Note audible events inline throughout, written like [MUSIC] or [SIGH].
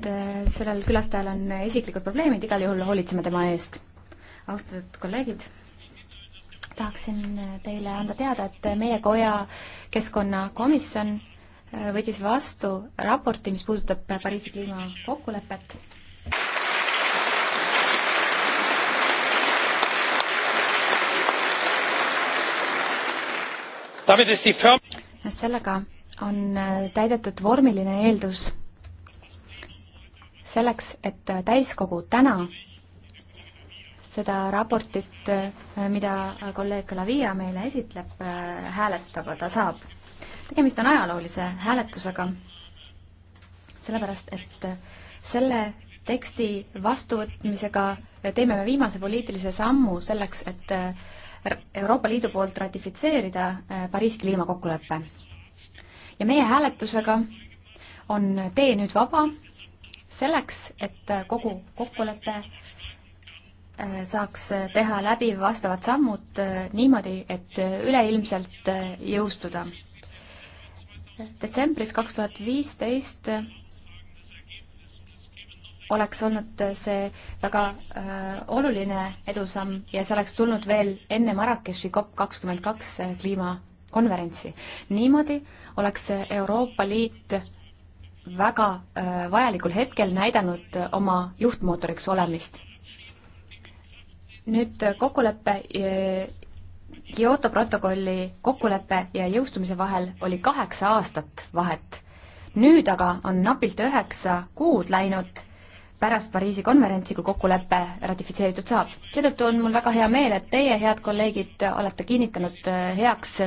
et äh, sellel külastajal on isiklikud probleemid, igal juhul hoolitseme tema eest. austatud kolleegid, tahaksin teile anda teada, et meie koja keskkonnakomisjon äh, võttis vastu raporti, mis puudutab Pariisi kliimakokkulepet. sellega on äh, täidetud vormiline eeldus selleks, et täiskogu täna seda raportit, mida kolleeg Lavia meile esitleb, hääletada ta saab. tegemist on ajaloolise hääletusega, sellepärast et selle teksti vastuvõtmisega teeme me viimase poliitilise sammu selleks, et Euroopa Liidu poolt ratifitseerida Pariisi kliimakokkulepe. ja meie hääletusega on tee nüüd vaba selleks, et kogu kokkulepe äh, saaks teha läbi vastavad sammud äh, niimoodi, et üleilmselt äh, jõustuda. detsembris kaks tuhat viisteist oleks olnud see väga äh, oluline edusamm ja see oleks tulnud veel enne Marrakechi COP kakskümmend kaks kliimakonverentsi. niimoodi oleks Euroopa Liit väga äh, vajalikul hetkel näidanud äh, oma juhtmootoriks olemist. nüüd äh, kokkulepe, Kyoto protokolli kokkulepe ja jõustumise vahel oli kaheksa aastat vahet. nüüd aga on napilt üheksa kuud läinud pärast Pariisi konverentsi, kui kokkulepe ratifitseeritud saab. seetõttu on mul väga hea meel, et teie, head kolleegid, olete kinnitanud heaks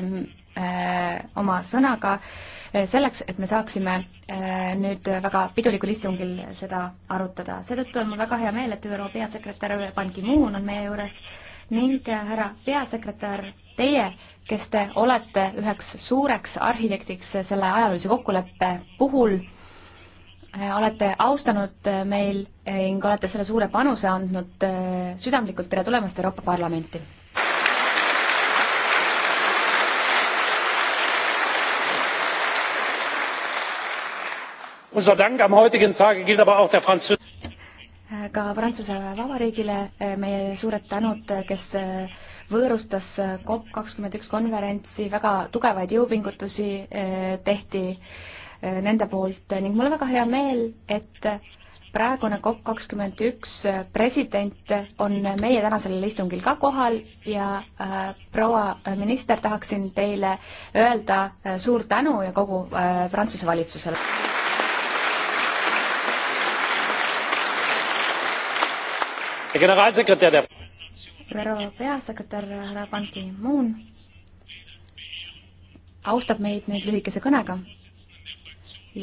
Äh, oma sõnaga äh, selleks, et me saaksime äh, nüüd väga pidulikul istungil seda arutada. seetõttu on mul väga hea meel, et ÜRO peasekretär Ban Ki-moon on meie juures ning härra peasekretär, teie, kes te olete üheks suureks arhitektiks selle ajaloolise kokkuleppe puhul, olete austanud meil ning olete selle suure panuse andnud südamlikult tere tulemast Euroopa Parlamenti Unser Dank am heutigen Tage gilt aber auch der französischen ka Prantsuse Vabariigile eh, meie suured tänud, eh, kes eh, võõrustas COP kakskümmend üks konverentsi, väga tugevaid jõupingutusi tehti nende poolt ning mul on väga hea meel, et praegune COP kakskümmend üks president on meie tänasel istungil ka kohal ja äh, proua minister, tahaksin teile öelda suur tänu ja kogu äh, Prantsuse valitsusele. ÜRO peasekretär härra Ban Ki-moon austab meid nüüd lühikese kõnega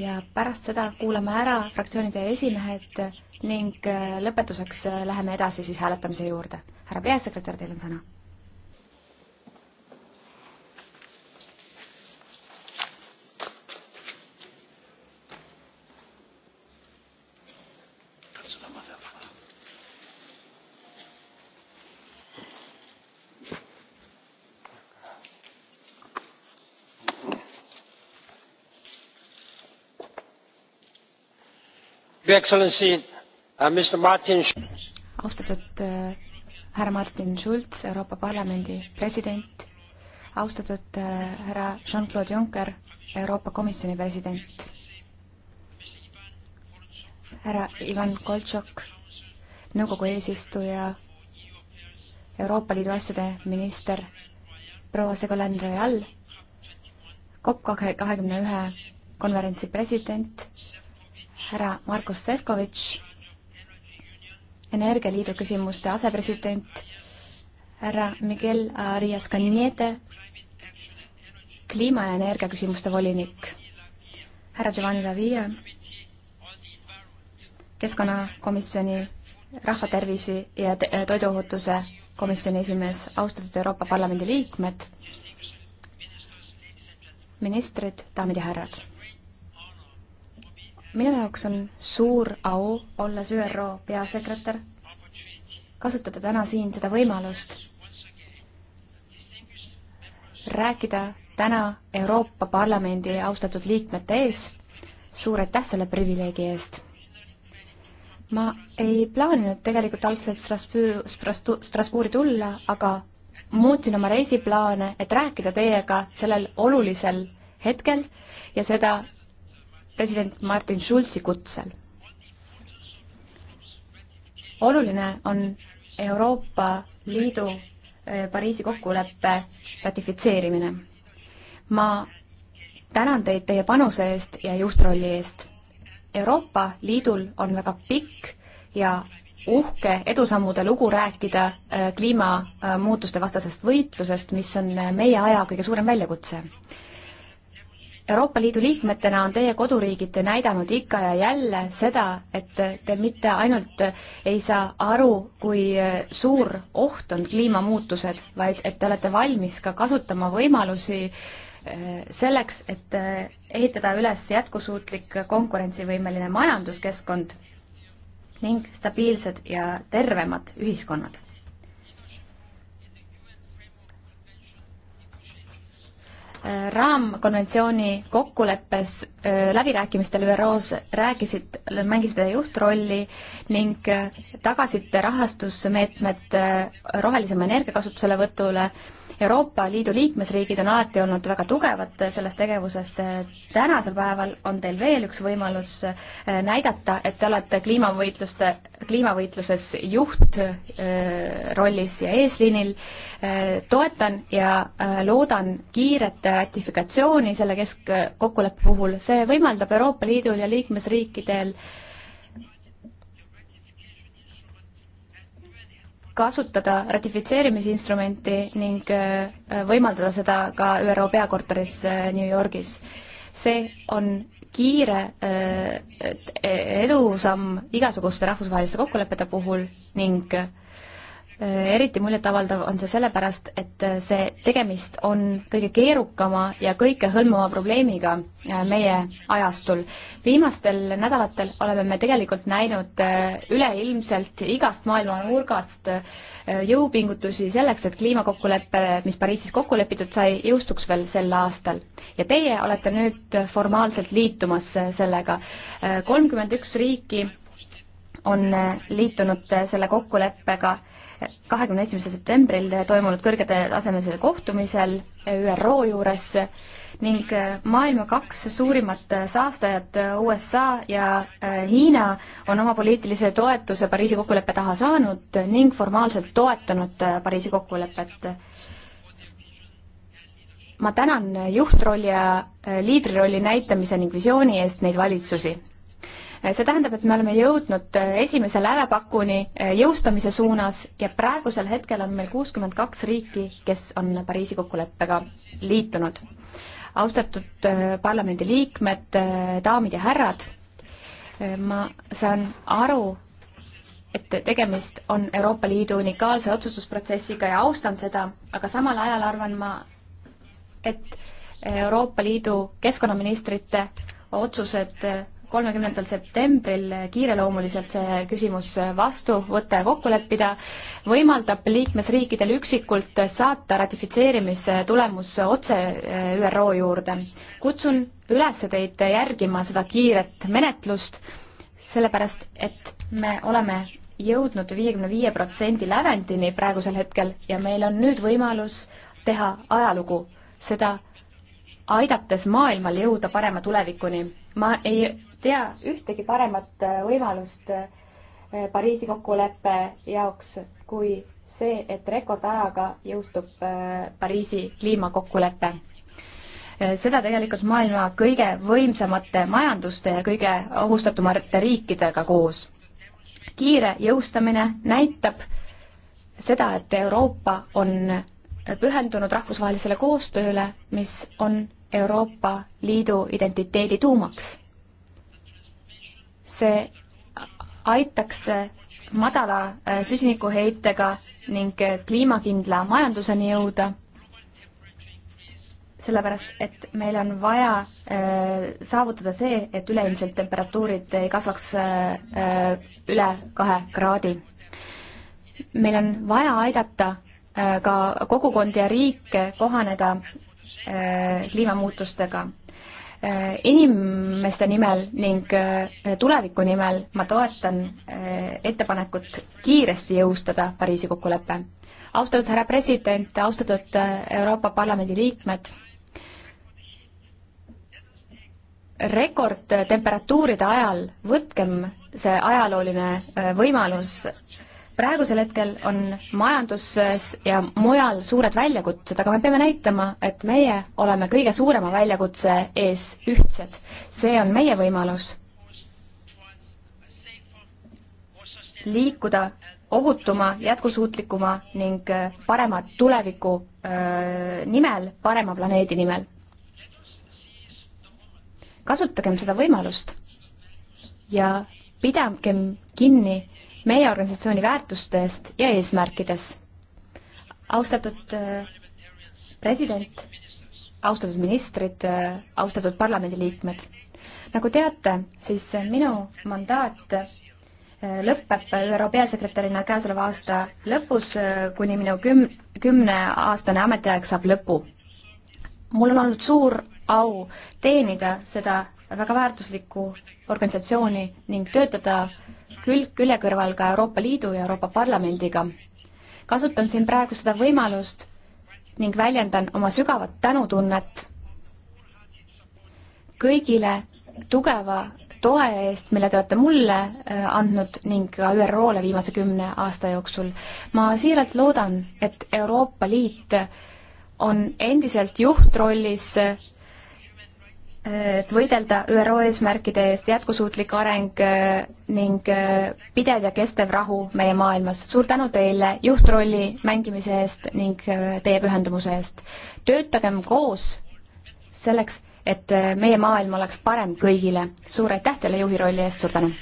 ja pärast seda kuulame ära fraktsioonide esimehed ning lõpetuseks läheme edasi siis hääletamise juurde. härra peasekretär, teil on sõna Uh, austatud uh, härra Martin Schulz, Euroopa Parlamendi president, austatud uh, härra Jean-Claude Juncker, Euroopa Komisjoni president, härra Ivan Koltšok, nõukogu eesistuja, Euroopa Liidu asjade minister, proua Segolen Royal, COP kahekümne ühe konverentsi president, härra Markus Sefkovitš, Energialiidu küsimuste asepresident, härra Miguel Arias Cañete, kliima- ja energiaküsimuste volinik, härra Giovanni Lavia, keskkonnakomisjoni rahvatervisi ja toiduohutuse komisjoni esimees, austatud Euroopa Parlamendi liikmed, ministrid, daamid ja härrad minu jaoks on suur au, olles ÜRO peasekretär, kasutada täna siin seda võimalust rääkida täna Euroopa Parlamendi austatud liikmete ees. suur aitäh selle privileegi eest! ma ei plaaninud tegelikult algselt Strasbourg, Strasbourgi tulla, aga muutsin oma reisiplaane, et rääkida teiega sellel olulisel hetkel ja seda president Martin Schulzi kutsel. oluline on Euroopa Liidu eh, Pariisi kokkuleppe ratifitseerimine. ma tänan teid teie panuse eest ja juhtrolli eest. Euroopa Liidul on väga pikk ja uhke edusammude lugu rääkida eh, kliimamuutuste vastasest võitlusest, mis on eh, meie aja kõige suurem väljakutse. Euroopa Liidu liikmetena on teie koduriigid näidanud ikka ja jälle seda, et te mitte ainult ei saa aru, kui suur oht on kliimamuutused, vaid et te olete valmis ka kasutama võimalusi eh, selleks, et eh, ehitada üles jätkusuutlik konkurentsivõimeline majanduskeskkond ning stabiilsed ja tervemad ühiskonnad raamkonventsiooni kokkuleppes läbirääkimistel ÜRO-s rääkisid, mängisid juhtrolli ning tagasite rahastusmeetmed rohelisema energia kasutuselevõtule Euroopa Liidu liikmesriigid on alati olnud väga tugevad selles tegevuses. tänasel päeval on teil veel üks võimalus eh, näidata, et te olete kliimavõitluste, kliimavõitluses juht eh, rollis ja eesliinil. Eh, toetan ja loodan kiiret ratifikatsiooni selle kesk-, kokkuleppe puhul. see võimaldab Euroopa Liidul ja liikmesriikidel äh, kasutada ratifitseerimisinstrumenti ning äh, võimaldada seda ka ÜRO peakorteris äh, New Yorgis. see on kiire äh, e, edusamm igasuguste rahvusvaheliste kokkulepete puhul ning eriti muljetavaldav on see sellepärast, et see tegemist on kõige keerukama ja kõikehõlmava probleemiga äh, meie ajastul. viimastel nädalatel oleme me tegelikult näinud äh, üleilmselt igast maailma nurgast äh, jõupingutusi selleks, et kliimakokkulepe, mis Pariisis kokku lepitud sai, jõustuks veel sel aastal. ja teie olete nüüd formaalselt liitumas sellega. kolmkümmend üks riiki on liitunud selle kokkuleppega kahekümne esimesel septembril toimunud kõrgetasemelisel kohtumisel ÜRO juures ning äh, maailma kaks suurimat äh, saastajat, äh, USA ja Hiina, on oma poliitilise toetuse Pariisi kokkuleppe taha saanud ning formaalselt toetanud Pariisi kokkulepet ma tänan juhtrolli ja liidrirolli näitamise ning visiooni eest neid valitsusi see tähendab, et me oleme jõudnud äh, esimese lävepakuni äh, jõustamise suunas ja praegusel hetkel on meil kuuskümmend kaks riiki, kes on Pariisi kokkuleppega liitunud. austatud äh, parlamendi liikmed, daamid ja härrad, ma saan aru, et tegemist on Euroopa Liidu unikaalse otsustusprotsessiga ja austan seda, aga samal ajal arvan ma, et Euroopa Liidu keskkonnaministrite otsused kolmekümnendal septembril kiireloomuliselt see küsimus vastuvõte kokku leppida, võimaldab liikmesriikidel üksikult saata ratifitseerimise tulemus otse eh, ÜRO juurde. kutsun üles teid järgima seda kiiret menetlust, sellepärast et me oleme jõudnud viiekümne viie protsendi lävendini praegusel hetkel ja meil on nüüd võimalus teha ajalugu, seda aidates maailmal jõuda parema tulevikuni. ma ei tea ühtegi paremat äh, võimalust äh, Pariisi kokkuleppe jaoks kui see, et rekordajaga jõustub äh, Pariisi kliimakokkulepe seda tegelikult maailma kõige võimsamate majanduste ja kõige ohustatumate riikidega koos. kiire jõustamine näitab seda, et Euroopa on pühendunud rahvusvahelisele koostööle, mis on Euroopa Liidu identiteedi tuumaks see aitaks madala äh, süsinikuheitega ning äh, kliimakindla majanduseni jõuda, sellepärast et meil on vaja äh, saavutada see, et üleilmselt temperatuurid ei kasvaks üle kahe kraadi. meil on vaja aidata ka kogukondi ja riike kohaneda kliimamuutustega Äh, inimeste nimel ning äh, tuleviku nimel ma toetan äh, ettepanekut kiiresti jõustada Pariisi kokkulepe. austatud härra president, austatud Euroopa Parlamendi liikmed, rekordtemperatuuride ajal võtkem see ajalooline võimalus praegusel hetkel on majanduses ja mujal suured väljakutsed, aga me peame näitama, et meie oleme kõige suurema väljakutse ees ühtsed. see on meie võimalus liikuda ohutuma, jätkusuutlikuma ning parema tuleviku öö, nimel, parema planeedi nimel. kasutagem seda võimalust ja pidagem kinni meie organisatsiooni väärtustest ja eesmärkides. austatud äh, president, austatud ministrid, äh, austatud parlamendiliikmed. nagu teate, siis minu mandaat äh, lõpeb ÜRO peasekretärina käesoleva aasta lõpus, kuni minu küm-, kümneaastane ametiaeg saab lõpu. mul on olnud suur au teenida seda väga väärtuslikku organisatsiooni ning töötada äh, külg külje kõrval ka Euroopa Liidu ja Euroopa Parlamendiga. kasutan siin praegu seda võimalust ning väljendan oma sügavat tänutunnet kõigile tugeva toe eest, mille te olete mulle äh, andnud ning ka ÜRO-le viimase kümne aasta jooksul. ma siiralt loodan, et Euroopa Liit on endiselt juhtrollis äh, et võidelda ÜRO eesmärkide eest jätkusuutlik areng äh, ning äh, pidev ja kestev rahu meie maailmas. suur tänu teile juhtrolli mängimise eest ning äh, teie pühendumuse eest. töötagem koos selleks, et meie maailm oleks parem kõigile. suur aitäh teile juhi rolli eest, suur tänu!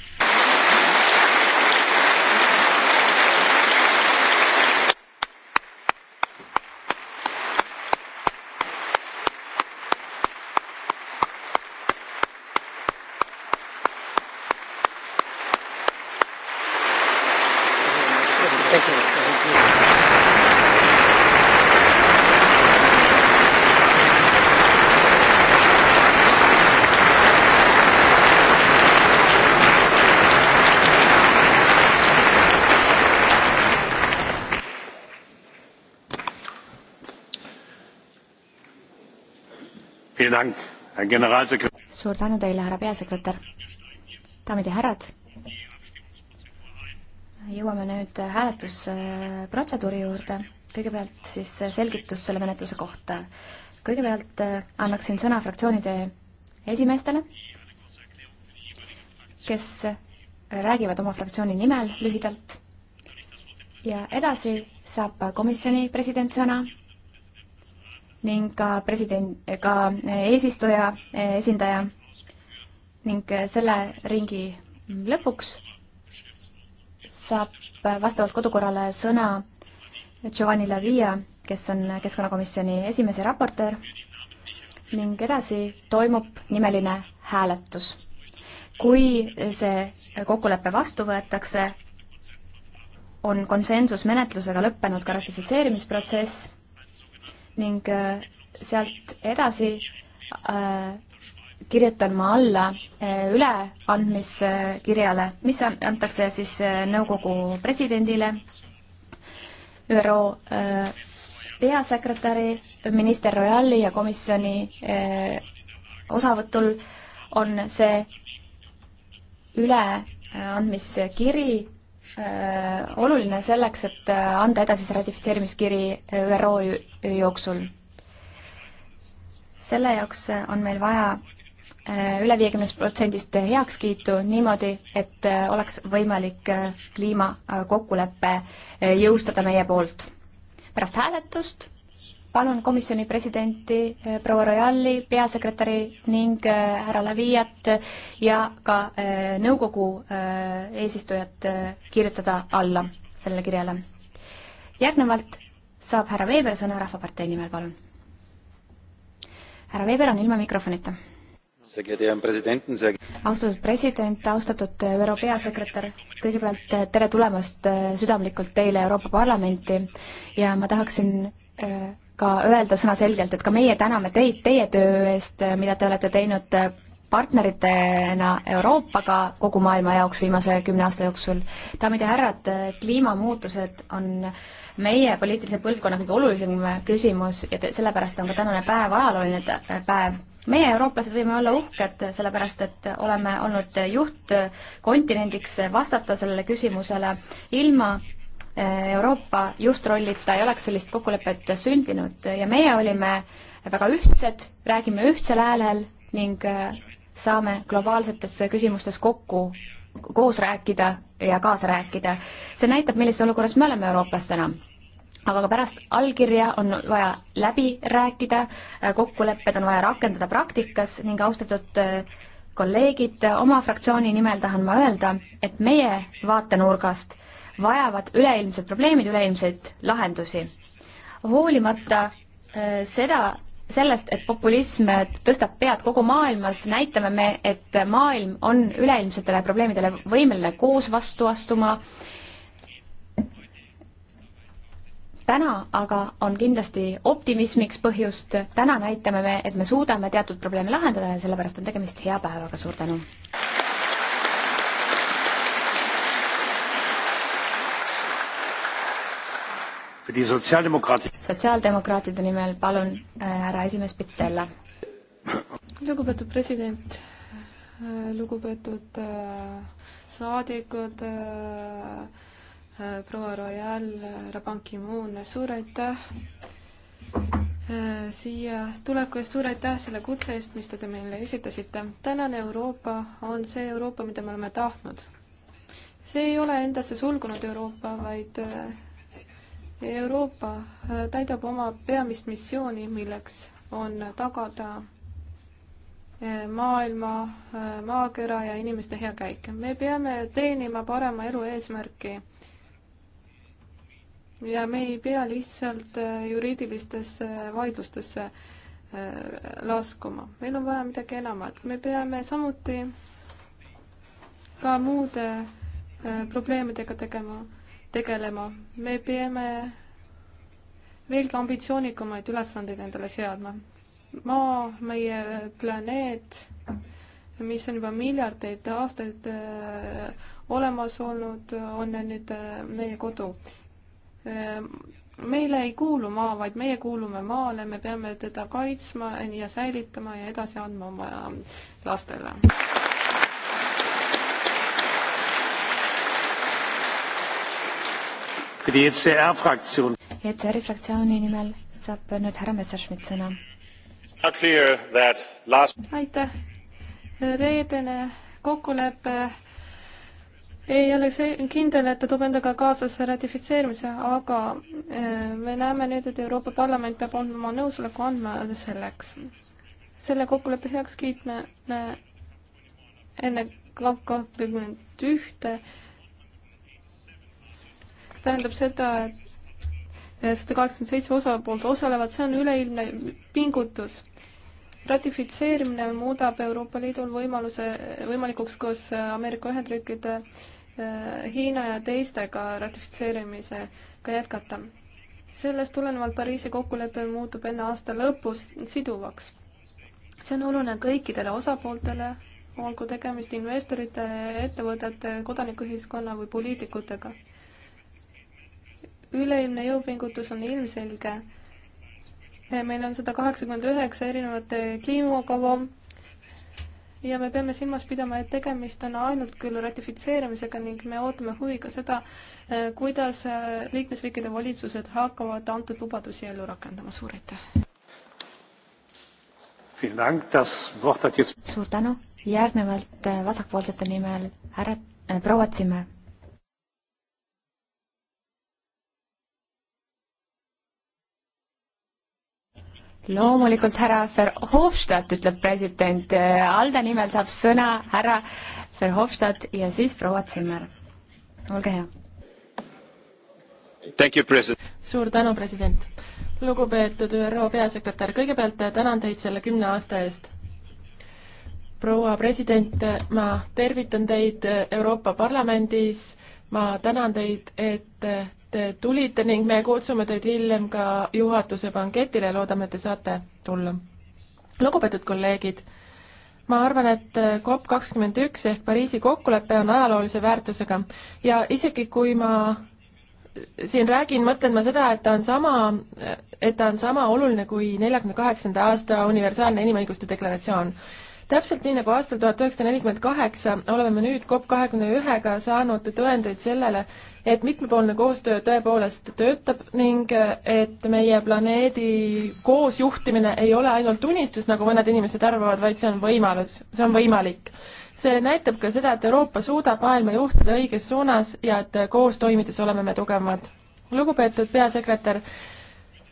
suur tänu teile, härra peasekretär. daamid ja härrad, jõuame nüüd hääletusprotseduuri juurde. kõigepealt siis selgitus selle menetluse kohta. kõigepealt äh, annaksin sõna fraktsioonide esimeestele, kes räägivad oma fraktsiooni nimel lühidalt ja edasi saab komisjoni president sõna ning ka president, ka eesistuja esindaja ning selle ringi lõpuks saab vastavalt kodukorrale sõna Giovanni Lavia, kes on Keskkonnakomisjoni esimees ja raportöör ning edasi toimub nimeline hääletus. kui see kokkulepe vastu võetakse, on konsensusmenetlusega lõppenud ka ratifitseerimisprotsess ning äh, sealt edasi äh, kirjutan ma alla äh, üleandmiskirjale, mis antakse siis nõukogu presidendile, ÜRO peasekretäri, minister Royali ja komisjoni osavõtul on see üleandmiskiri Äh, oluline selleks, et äh, anda edasi see ratifitseerimiskiri äh, ÜRO jooksul. selle jaoks on meil vaja üle viiekümnest protsendist heakskiitu niimoodi, et oleks võimalik kliimakokkulepe jõustada meie poolt. pärast hääletust palun komisjoni presidenti eh, proua Royali, peasekretäri ning eh, härra Laviat ja ka eh, nõukogu eesistujat kirjutada alla sellele kirjale. järgnevalt saab härra Veeber sõna Rahvapartei nimel, palun. härra Veeber on ilma mikrofonita austatud president, austatud ÜRO peasekretär, kõigepealt tere tulemast südamlikult teile Euroopa Parlamenti ja ma tahaksin ka öelda sõnaselgelt, et ka meie täname teid teie töö eest, mida te olete teinud partneritena Euroopaga kogu maailma jaoks viimase kümne aasta jooksul. daamid ja härrad, kliimamuutused on meie poliitilise põlvkonna kõige olulisem küsimus ja te, sellepärast on ka tänane päev ajalooline päev. meie, eurooplased, võime olla uhked, sellepärast et oleme olnud juhtkontinendiks vastata sellele küsimusele ilma Euroopa juhtrollita ei oleks sellist kokkulepet sündinud ja meie olime väga ühtsed, räägime ühtsel häälel ning äh, saame globaalsetes küsimustes kokku, koos rääkida ja kaasa rääkida. see näitab, millises olukorras me oleme eurooplastena. aga ka pärast allkirja on vaja läbi rääkida, äh, kokkulepped on vaja rakendada praktikas ning austatud äh, kolleegid, oma fraktsiooni nimel tahan ma öelda, et meie vaatenurgast äh, vajavad üleilmsed probleemid, üleilmseid lahendusi. hoolimata äh, seda, sellest, et populism tõstab pead kogu maailmas, näitame me, et maailm on üleilmsetele probleemidele võimeline koos vastu astuma. täna aga on kindlasti optimismiks põhjust, täna näitame me, et me suudame teatud probleeme lahendada ja sellepärast on tegemist hea päevaga, suur tänu! sotsiaaldemokraatide nimel palun äh, härra esimees Pitella. lugupeetud president, äh, lugupeetud äh, saadikud, proua Royal, härra Ban Ki-moon, suur aitäh siia tuleku eest, suur aitäh selle kutse eest, mis te meile esitasite. tänane Euroopa on see Euroopa, mida me oleme tahtnud see ei ole endasse sulgunud Euroopa, vaid Euroopa äh, täidab oma peamist missiooni, milleks on tagada äh, maailma, äh, maakera ja inimeste hea käik. me peame teenima parema elu eesmärki. ja me ei pea lihtsalt juriidilistesse vaidlustesse laskuma. meil on vaja midagi enamat. me peame samuti ka muude probleemidega tegema tegelema. me peame veelgi ambitsioonikumaid ülesandeid endale seadma. Maa, meie planeet, mis on juba miljardeid aastaid äh, olemas olnud, on nüüd äh, meie kodu. Äh, meile ei kuulu maa, vaid meie kuulume maale, me peame teda kaitsma ja säilitama ja edasi andma oma lastele. ECR e e fraktsiooni nimel saab nüüd härra Messerschmidt sõna. aitäh. reedene kokkulepe ei ole see kindel, et ta toob endaga kaasa see ratifitseerimise, aga äh, me näeme nüüd, et Euroopa Parlament peab andma oma nõusoleku andma selleks. selle kokkuleppe heakskiitmine enne kahtekümmet ühte tähendab seda, et sada kaheksakümmend seitse osapoolt osalevad, see on üleilmne pingutus. ratifitseerimine muudab Euroopa Liidul võimaluse, võimalikuks koos Ameerika Ühendriikide, eh, Hiina ja teistega ratifitseerimisega jätkata. sellest tulenevalt Pariisi kokkulepe muutub enne aasta lõpus siduvaks. see on oluline kõikidele osapooltele, olgu tegemist investorite, ettevõtete, kodanikuühiskonna või poliitikutega üleilmne jõupingutus on ilmselge. meil on sada kaheksakümmend üheksa erinevat eh, kliimakava ja me peame silmas pidama, et tegemist on ainult küll ratifitseerimisega ning me ootame huviga seda, eh, kuidas eh, liikmesriikide valitsused hakkavad antud lubadusi ellu rakendama. suur aitäh! suur tänu, järgnevalt vasakpoolsete nimel härra äh,, proua Zimmer loomulikult härra Verhofstadt, ütleb president. Alde nimel saab sõna härra Verhofstadt ja siis proua Zimmer. olge hea. suur tänu, president. lugupeetud ÜRO peasekretär, kõigepealt tänan teid selle kümne aasta eest proua president, ma tervitan teid Euroopa Parlamendis, ma tänan teid, et te tulite ning me kutsume teid hiljem ka juhatuse banketile, loodame, et te saate tulla. lugupeetud kolleegid, ma arvan, et COP kakskümmend üks ehk Pariisi kokkulepe on ajaloolise väärtusega ja isegi kui ma siin räägin, mõtlen ma seda, et ta on sama, et ta on sama oluline kui neljakümne kaheksanda aasta universaalne inimõiguste deklaratsioon täpselt nii nagu aastal tuhat üheksasada nelikümmend kaheksa oleme me nüüd COP kahekümne ühega saanud tõendeid sellele, et mitmepoolne koostöö tõepoolest töötab ning et meie planeedi koosjuhtimine ei ole ainult unistus, nagu mõned inimesed arvavad, vaid see on võimalus, see on võimalik. see näitab ka seda, et Euroopa suudab maailma juhtida õiges suunas ja et koos toimides oleme me tugevamad. lugupeetud peasekretär,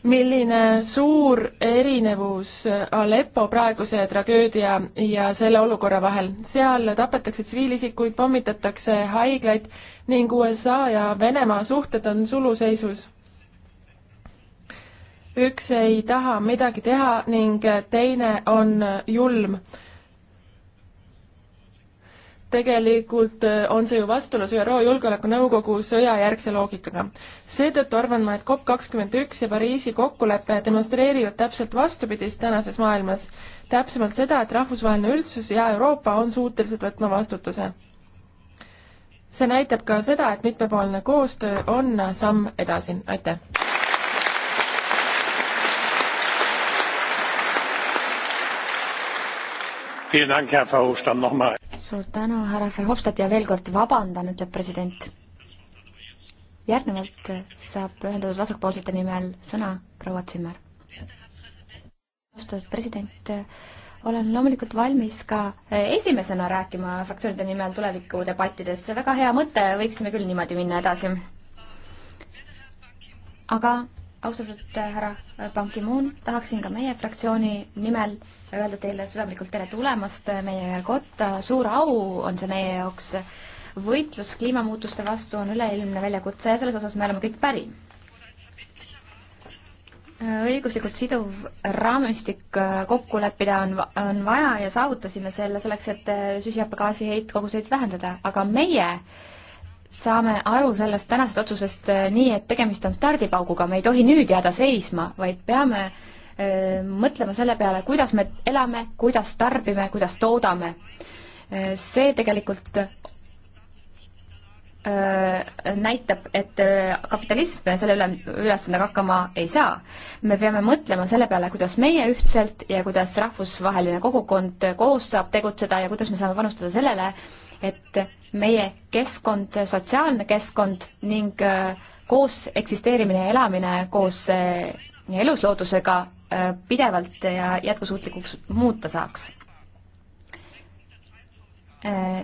milline suur erinevus Aleppo praeguse tragöödia ja selle olukorra vahel. seal tapetakse tsiviilisikuid, pommitatakse haiglaid ning USA ja Venemaa suhted on suluseisus. üks ei taha midagi teha ning teine on julm tegelikult äh, on see ju vastuolus ÜRO Julgeolekunõukogu sõjajärgse loogikaga. seetõttu arvan ma, et COP kakskümmend üks ja Pariisi kokkulepe demonstreerivad täpselt vastupidist tänases maailmas. täpsemalt seda, et rahvusvaheline üldsus ja Euroopa on suutelised võtma vastutuse. see näitab ka seda, et mitmepoolne koostöö on samm edasi, aitäh! suur tänu, härra Verhofstadt ja veel kord vabandan, ütleb president. järgnevalt saab ühendatud vasakpoolsete nimel sõna proua Zimmer. austatud president, olen loomulikult valmis ka esimesena rääkima fraktsioonide nimel tulevikudebattides, väga hea mõte, võiksime küll niimoodi minna edasi. aga austatud äh, härra äh, Ban Ki-moon, tahaksin ka meie fraktsiooni nimel öelda teile südamlikult tere tulemast äh, meie kotta, suur au on see meie jaoks. võitlus kliimamuutuste vastu on üleilmne väljakutse ja selles osas me oleme kõik päri. õiguslikult siduv raamistik kokku leppida on, on vaja ja saavutasime selle selleks, et süsihappegaasi heitkoguseid vähendada, aga meie äh, saame aru sellest tänasest otsusest eh, nii, et tegemist on stardipauguga, me ei tohi nüüd jääda seisma, vaid peame öö, eh, mõtlema selle peale, kuidas me elame, kuidas tarbime, kuidas toodame. Eh, see tegelikult näitab, et kapitalism selle üle, ülesandega hakkama ei saa. me peame mõtlema selle peale, kuidas meie ühtselt ja kuidas rahvusvaheline kogukond koos saab tegutseda ja kuidas me saame panustada sellele, et meie keskkond, sotsiaalne keskkond ning äh, koos eksisteerimine ja elamine koos äh, elusloodusega äh, pidevalt ja jätkusuutlikuks muuta saaks.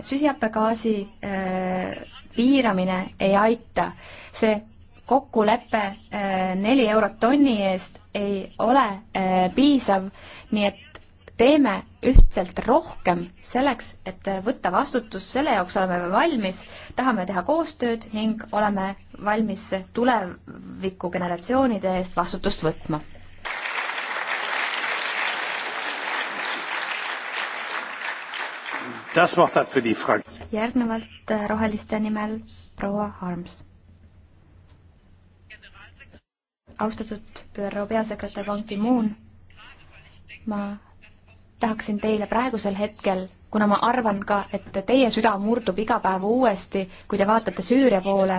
süsihappegaasi piiramine ei aita, see kokkulepe neli eurot tonni eest ei ole piisav, nii et teeme ühtselt rohkem selleks, et võtta vastutus, selle jaoks oleme me valmis, tahame teha koostööd ning oleme valmis tuleviku generatsioonide eest vastutust võtma. järgnevalt äh, roheliste nimel proua Harms austatud ÜRO peasekretär Ban Ki-moon, ma tahaksin teile praegusel hetkel, kuna ma arvan ka, et teie süda murdub iga päev uuesti, kui te vaatate Süüria poole,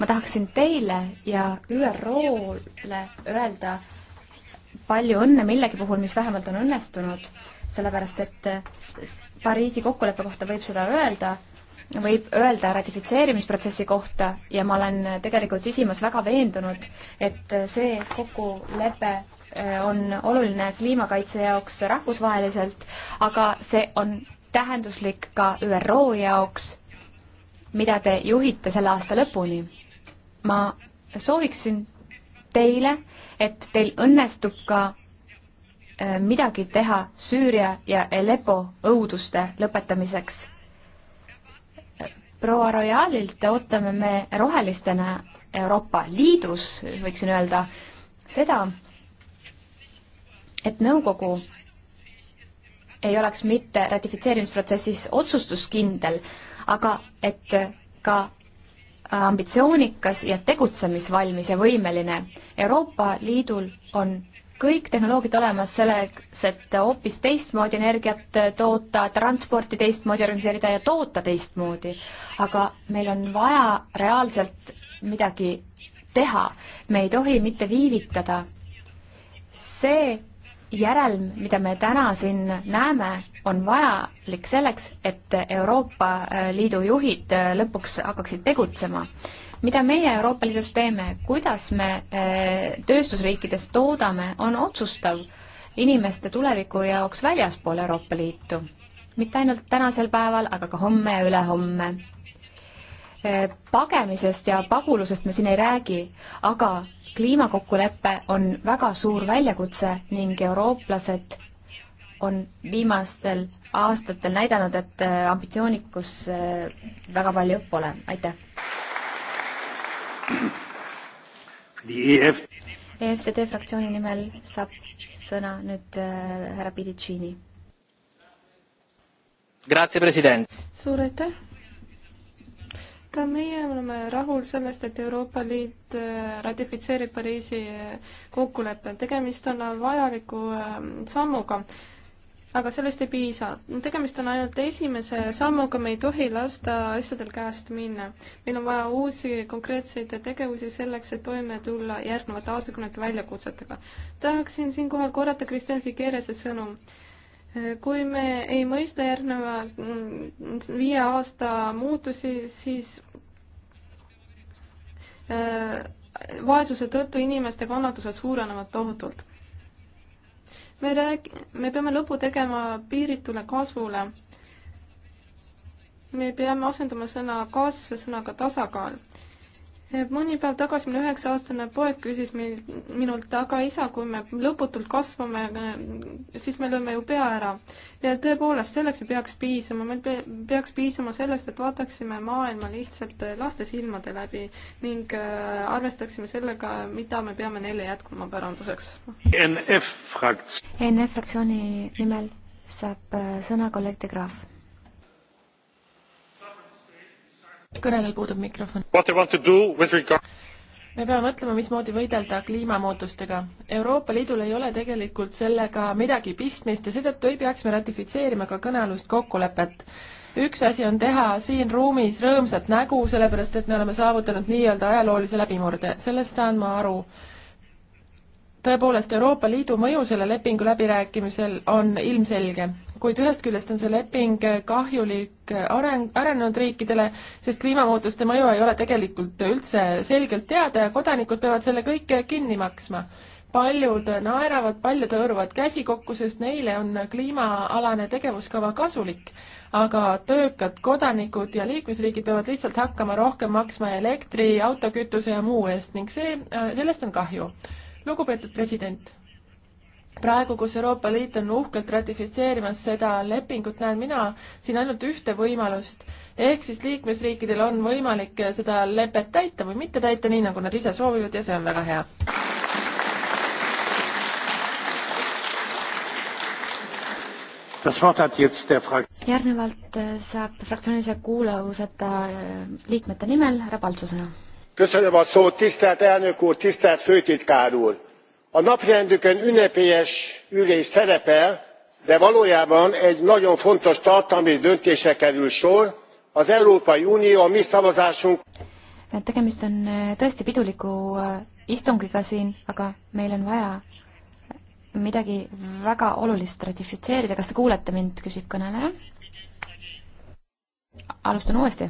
ma tahaksin teile ja ÜRO-le öelda palju õnne millegi puhul, mis vähemalt on õnnestunud, sellepärast et Pariisi kokkuleppe kohta võib seda öelda, võib öelda ratifitseerimisprotsessi kohta ja ma olen tegelikult sisimas väga veendunud, et see kokkulepe Äh, on oluline kliimakaitse jaoks rahvusvaheliselt, aga see on tähenduslik ka ÜRO jaoks, mida te juhite selle aasta lõpuni. ma sooviksin teile, et teil õnnestub ka äh, midagi teha Süüria ja Aleppo õuduste lõpetamiseks. proua Royalilt ootame me rohelistena Euroopa Liidus, võiksin öelda, seda, et nõukogu ei oleks mitte ratifitseerimisprotsessis otsustuskindel, aga et ka ambitsioonikas ja tegutsemisvalmis ja võimeline. Euroopa Liidul on kõik tehnoloogiad olemas selleks, et hoopis teistmoodi energiat toota, transporti teistmoodi organiseerida ja toota teistmoodi. aga meil on vaja reaalselt midagi teha, me ei tohi mitte viivitada. see järelm, mida me täna siin näeme, on vajalik selleks, et Euroopa äh, Liidu juhid äh, lõpuks hakkaksid tegutsema. mida meie Euroopa Liidus teeme, kuidas me äh, tööstusriikides toodame, on otsustav inimeste tuleviku jaoks väljaspool Euroopa Liitu. mitte ainult tänasel päeval, aga ka homme ja ülehomme Äh, pagemisest ja pagulusest me siin ei räägi, aga kliimakokkulepe on väga suur väljakutse ning eurooplased on viimastel aastatel näidanud, et äh, ambitsioonikus äh, väga palju pole, aitäh. EFCD e e fraktsiooni nimel saab sõna nüüd härra Pidicini. suur aitäh ka meie oleme rahul sellest, et Euroopa Liit äh, ratifitseerib Pariisi äh, kokkuleppe, tegemist on äh, vajaliku sammuga. aga sellest ei piisa, tegemist on ainult esimese sammuga, me ei tohi lasta asjadel käest minna. meil on vaja uusi konkreetseid tegevusi selleks, et toime tulla järgnevate aastakümnete väljakutsetega. tahaksin siinkohal korrata Kristjan Figuerese sõnu kui me ei mõista järgneva mm, viie aasta muutusi, siis äh, vaesuse tõttu inimeste kannatused suurenevad tohutult. me räägi-, me peame lõpu tegema piiritule kasvule. me peame asendama sõna kasv sõnaga tasakaal Eh, mõni päev tagasi minu üheksa-aastane poeg küsis mil, minult, aga isa, kui me lõputult kasvame, eh, siis me lööme ju pea ära. ja tõepoolest, selleks ei peaks piisama, meil peaks piisama sellest, et vaataksime maailma lihtsalt eh, laste silmade läbi ning arvestaksime sellega, mida me peame neile jätkuma päranduseks. NF fraktsiooni nimel saab sõna kolleeg De Graaf kõnelejal puudub mikrofon. me peame mõtlema, mismoodi võidelda kliimamuutustega. Euroopa Liidul ei ole tegelikult sellega midagi pistmist ja seetõttu ei peaks me ratifitseerima ka kõnealust kokkulepet üks asi on teha siin ruumis rõõmsat nägu, sellepärast et me oleme saavutanud nii-öelda ajaloolise läbimurde, sellest saan ma aru tõepoolest, Euroopa Liidu mõju selle lepingu läbirääkimisel on ilmselge, kuid ühest küljest on see leping kahjulik areng, arenenud riikidele, sest kliimamuutuste mõju ei ole tegelikult üldse selgelt teada ja kodanikud peavad selle kõik kinni maksma. paljud naeravad, paljud hõõruvad käsi kokku, sest neile on kliimaalane tegevuskava kasulik, aga töökad kodanikud ja liikmesriigid peavad lihtsalt hakkama rohkem maksma elektri, autokütuse ja muu eest ning see, äh, sellest on kahju lugupeetud president, praegu, kus Euroopa Liit on uhkelt ratifitseerimas seda lepingut, näen mina siin ainult ühte võimalust. ehk siis liikmesriikidel on võimalik seda lepet täita või mitte täita, nii nagu nad ise soovivad ja see on väga hea. järgnevalt äh, saab fraktsioonilise kuulavuseta äh, liikmete nimel härra Paltsu sõna tisztelt elnök úr tisztelt főtitkár úr! a napirendükön ünnepélyes ülés szerepel de valójában egy nagyon fontos tartalmi döntésre kerül sor az európai unió a mi szavazásunk. tegemist on äh, tõesti piduliku äh, istungiga siin aga meil on vaja midagi väga olulist ratifitseerida kas te kuulete mind küsib kõneleja alustan uuesti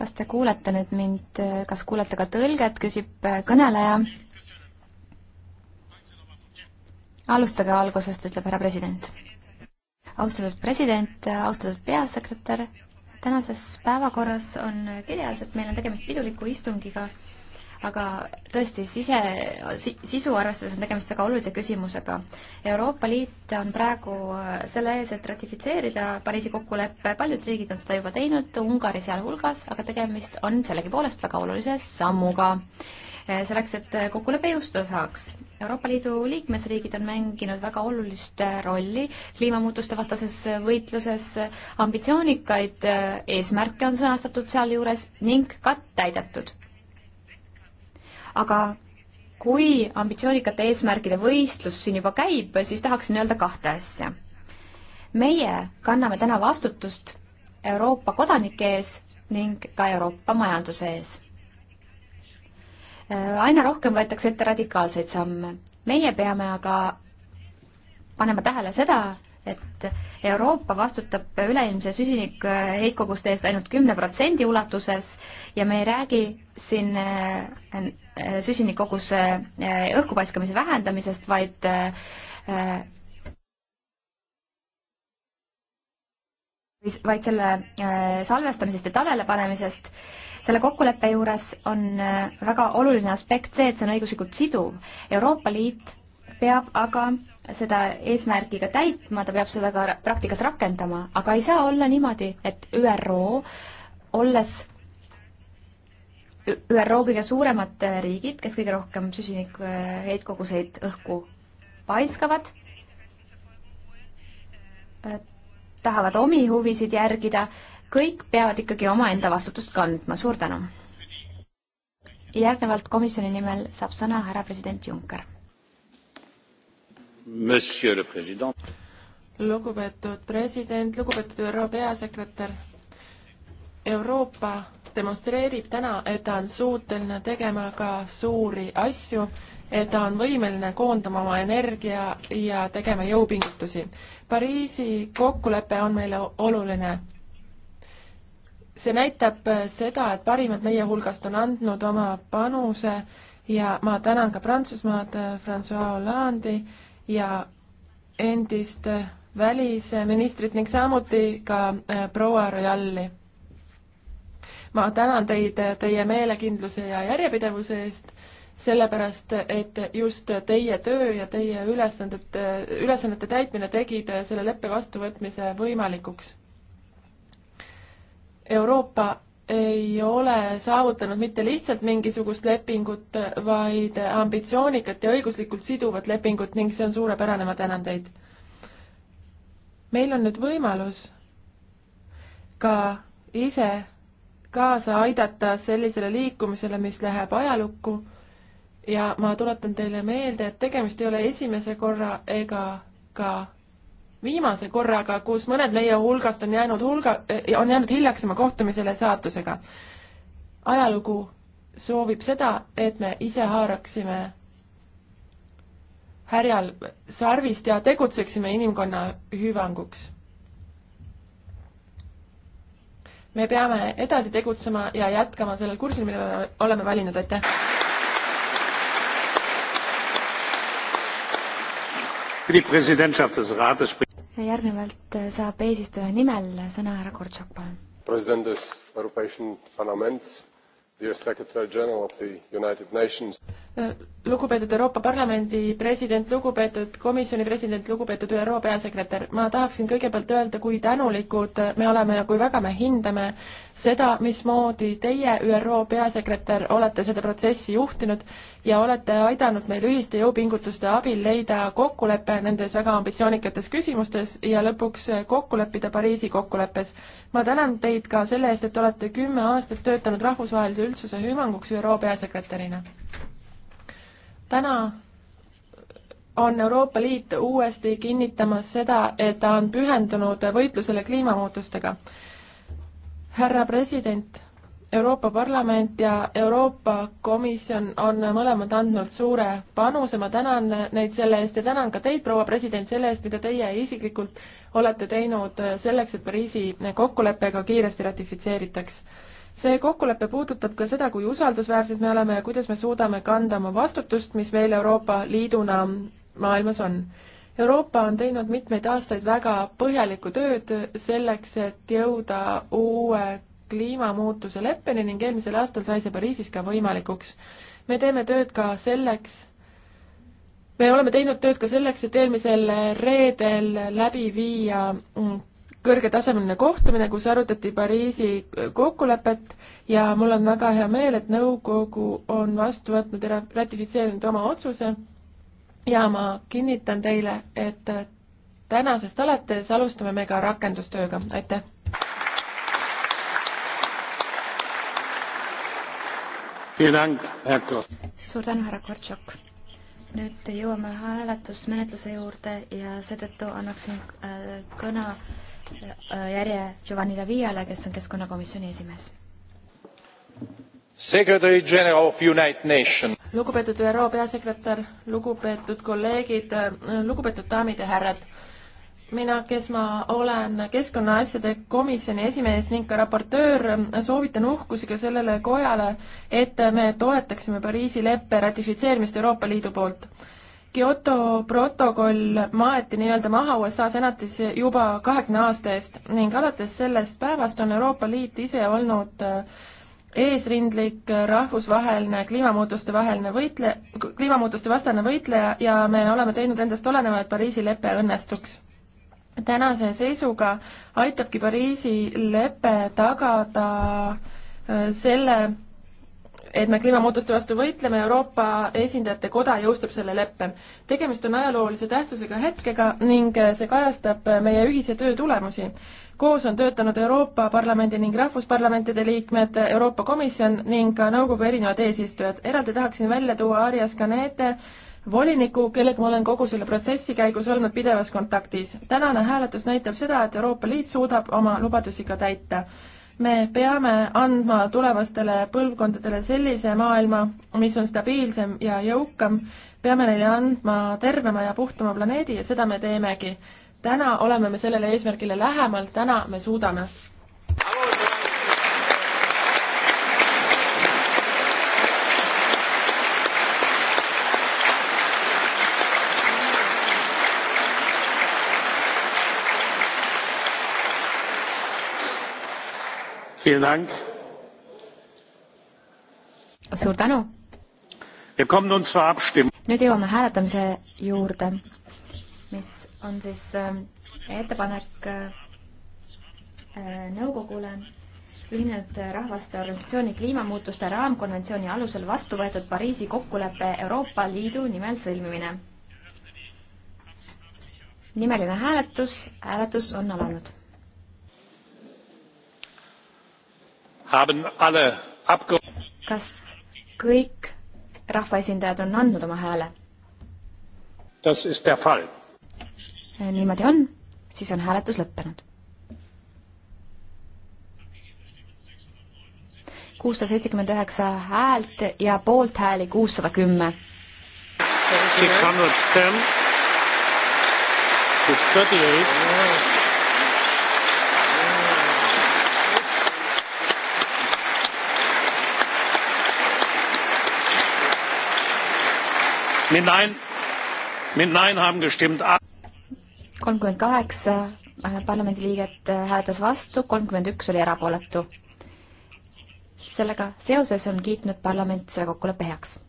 kas te kuulete nüüd mind, kas kuulete ka tõlget, küsib äh, kõneleja. alustage algusest, ütleb härra president. austatud president, austatud peasekretär, tänases päevakorras on kirjas, et meil on tegemist piduliku istungiga aga tõesti, sise, sisu arvestades on tegemist väga olulise küsimusega. Euroopa Liit on praegu äh, selle ees, et ratifitseerida Pariisi kokkulepe, paljud riigid on seda juba teinud, Ungari sealhulgas, aga tegemist on sellegipoolest väga olulise sammuga äh, selleks, et äh, kokkulepe jõustuda saaks. Euroopa Liidu liikmesriigid on mänginud väga olulist rolli kliimamuutuste vastases võitluses, ambitsioonikaid eesmärke on sõnastatud sealjuures ning ka täidetud aga kui ambitsioonikate eesmärkide võistlus siin juba käib, siis tahaksin öelda kahte asja. meie kanname täna vastutust Euroopa kodanike ees ning ka Euroopa majanduse ees. Äh, aina rohkem võetakse ette radikaalseid samme. meie peame aga panema tähele seda, et Euroopa vastutab üleilmse süsiniheitkoguste eest ainult kümne protsendi ulatuses ja me ei räägi siin äh, Äh, süsinikoguse äh, õhku paiskamise vähendamisest, vaid äh, vaid selle salvestamisest ja talele panemisest. selle kokkuleppe juures on väga oluline aspekt see, et see on õiguslikult siduv. Euroopa Liit peab aga seda eesmärki ka täitma, ta peab seda ka praktikas rakendama, aga ei saa olla niimoodi, et ÜRO, olles ÜRO kõige suuremad riigid, kes kõige rohkem süsiniku heitkoguseid õhku paiskavad, äh, tahavad omi huvisid järgida, kõik peavad ikkagi omaenda vastutust kandma, suur tänu! järgnevalt komisjoni nimel saab sõna härra president Juncker. lugupeetud president, lugupeetud ÜRO peasekretär, Euroopa demonstreerib täna, et ta on suuteline tegema ka suuri asju, et ta on võimeline koondama oma energia ja tegema jõupingutusi. Pariisi kokkulepe on meile oluline. see näitab seda, et parimad meie hulgast on andnud oma panuse ja ma tänan ka Prantsusmaad, Francois Hollande'i ja endist välisministrit ning samuti ka äh, proua Royalli ma tänan teid teie meelekindluse ja järjepidevuse eest, sellepärast et just teie töö ja teie ülesanded, ülesannete täitmine tegid selle leppe vastuvõtmise võimalikuks. Euroopa ei ole saavutanud mitte lihtsalt mingisugust lepingut, vaid ambitsioonikat ja õiguslikult siduvat lepingut ning see on suurepärane, ma tänan teid. meil on nüüd võimalus ka ise kaasa aidata sellisele liikumisele, mis läheb ajalukku ja ma tuletan teile meelde, et tegemist ei ole esimese korra ega ka viimase korraga, kus mõned meie hulgast on jäänud hulga, eh, on jäänud hiljaks oma kohtumisele saatusega. ajalugu soovib seda, et me ise haaraksime härjal sarvist ja tegutseksime inimkonna hüvanguks me peame edasi tegutsema ja jätkama sellel kursil, mille me oleme valinud, aitäh! järgnevalt äh, saab eesistuja nimel sõna härra Gortšok, palun. president des Euroopa Parlamendis Äh, lugupeetud Euroopa Parlamendi president, lugupeetud komisjoni president, lugupeetud ÜRO peasekretär, ma tahaksin kõigepealt öelda, kui tänulikud me oleme ja kui väga me hindame seda, mismoodi teie, ÜRO peasekretär, olete seda protsessi juhtinud ja olete aidanud meil ühiste jõupingutuste abil leida kokkulepe nendes väga ambitsioonikates küsimustes ja lõpuks kokku leppida Pariisi kokkuleppes. ma tänan teid ka selle eest, et olete kümme aastat töötanud rahvusvahelise üldsuse hüvanguks ÜRO peasekretärina. täna on Euroopa Liit uuesti kinnitamas seda, et ta on pühendunud võitlusele kliimamuutustega. härra president Euroopa Parlament ja Euroopa Komisjon on mõlemad andnud suure panuse, ma tänan neid selle eest ja tänan ka teid, proua president, selle eest, mida teie isiklikult olete teinud selleks, et Pariisi kokkulepe ka kiiresti ratifitseeritaks. see kokkulepe puudutab ka seda, kui usaldusväärsed me oleme ja kuidas me suudame kanda oma vastutust, mis meil Euroopa Liiduna maailmas on. Euroopa on teinud mitmeid aastaid väga põhjalikku tööd selleks, et jõuda uue kliimamuutuse leppeni ning eelmisel aastal sai see Pariisis ka võimalikuks. me teeme tööd ka selleks, me oleme teinud tööd ka selleks, et eelmisel reedel läbi viia mm, kõrgetasemeline kohtumine, kus arutati Pariisi kokkulepet ja mul on väga hea meel, et nõukogu on vastu võtnud ja ratifitseerinud oma otsuse. ja ma kinnitan teile, et tänasest alates alustame me ka rakendustööga, aitäh! suur tänu, härra Kortšok. nüüd jõuame hääletusmenetluse juurde ja seetõttu annaksin äh, kõna äh, järje Giovanni Laviale, kes on keskkonnakomisjoni esimees lugupeetud ÜRO peasekretär, lugupeetud kolleegid, äh, lugupeetud daamid ja härrad mina, kes ma olen keskkonnaasjade komisjoni esimees ning ka raportöör, soovitan uhkusega sellele kojale, et me toetaksime Pariisi leppe ratifitseerimist Euroopa Liidu poolt. Kyoto protokoll maeti nii-öelda maha USA senatis juba kahekümne aasta eest ning alates sellest päevast on Euroopa Liit ise olnud äh, eesrindlik rahvusvaheline kliimamuutuste vaheline võitle-, kliimamuutuste vastane võitleja ja me oleme teinud endast oleneva, et Pariisi lepe õnnestuks tänase seisuga aitabki Pariisi lepe tagada äh, selle, et me kliimamuutuste vastu võitleme, Euroopa Esindajate Koda jõustub selle leppe. tegemist on ajaloolise tähtsusega hetkega ning äh, see kajastab äh, meie ühise töö tulemusi. koos on töötanud Euroopa Parlamendi ning rahvusparlamentide liikmed, Euroopa Komisjon ning ka nõukogu erinevad eesistujad. eraldi tahaksin välja tuua Arias Canete, voliniku, kellega ma olen kogu selle protsessi käigus olnud pidevas kontaktis. tänane hääletus näitab seda, et Euroopa Liit suudab oma lubadusi ka täita. me peame andma tulevastele põlvkondadele sellise maailma, mis on stabiilsem ja jõukam, peame neile andma tervema ja puhtama planeedi ja seda me teemegi. täna oleme me sellele eesmärgile lähemal, täna me suudame suur tänu! nüüd jõuame hääletamise juurde, mis on siis ähm, ettepanek äh, äh, nõukogule Ühinenud Rahvaste Organisatsiooni kliimamuutuste raamkonventsiooni alusel vastu võetud Pariisi kokkuleppe Euroopa Liidu nimel sõlmimine. nimeline hääletus, hääletus on alanud kas kõik rahvaesindajad on andnud oma hääle? Äh, niimoodi on, siis on hääletus lõppenud. kuussada seitsekümmend üheksa häält ja poolthääli kuussada kümme. Six hundred ten to thirty eight. mit Nein, mit Nein haben gestimmt. kolmkümmend kaheksa äh, parlamendiliiget äh, hääletas vastu, kolmkümmend üks oli erapooletu. sellega seoses on kiitnud parlament selle kokkuleppe heaks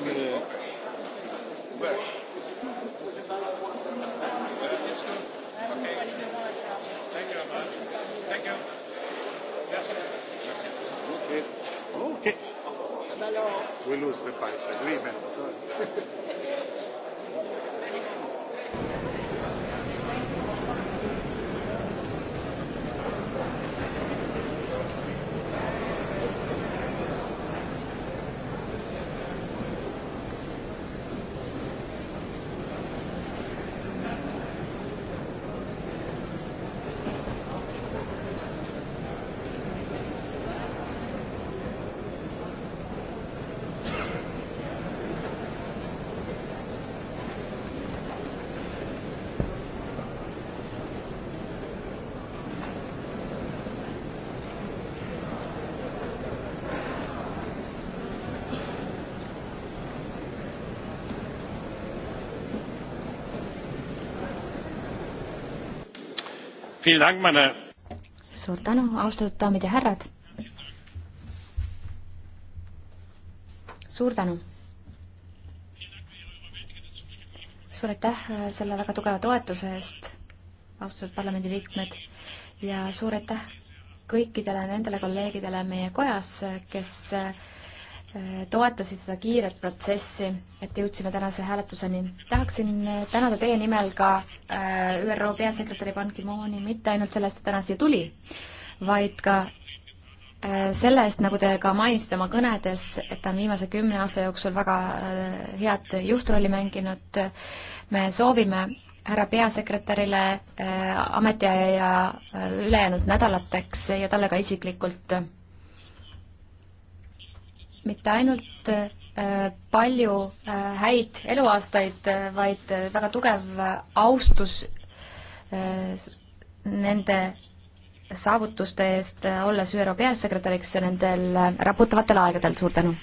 quelle... Beh. Okay. Thank you very much. Thank you. Yes. Okay. Okay. We lose the price agreement. [LAUGHS] suur tänu, austatud daamid ja härrad. suur tänu. suur aitäh selle väga tugeva toetuse eest, austatud parlamendiliikmed ja suur aitäh kõikidele nendele kolleegidele meie kojas, kes toetasid seda kiiret protsessi, et jõudsime tänase hääletuseni. tahaksin eh, tänada teie nimel ka eh, ÜRO peasekretäri Ban Ki-mooni mitte ainult selle eest, et täna siia tuli, vaid ka eh, selle eest, nagu te ka mainisite oma kõnedes, et ta on viimase kümne aasta jooksul väga head juhtrolli mänginud. me soovime härra peasekretärile ametiaja ja ülejäänud nädalateks ja talle ka isiklikult mitte ainult äh, palju äh, häid eluaastaid, äh, vaid väga tugev austus nende saavutuste eest, olles ÜRO peasekretäriks nendel raputavatel aegadel, suur tänu!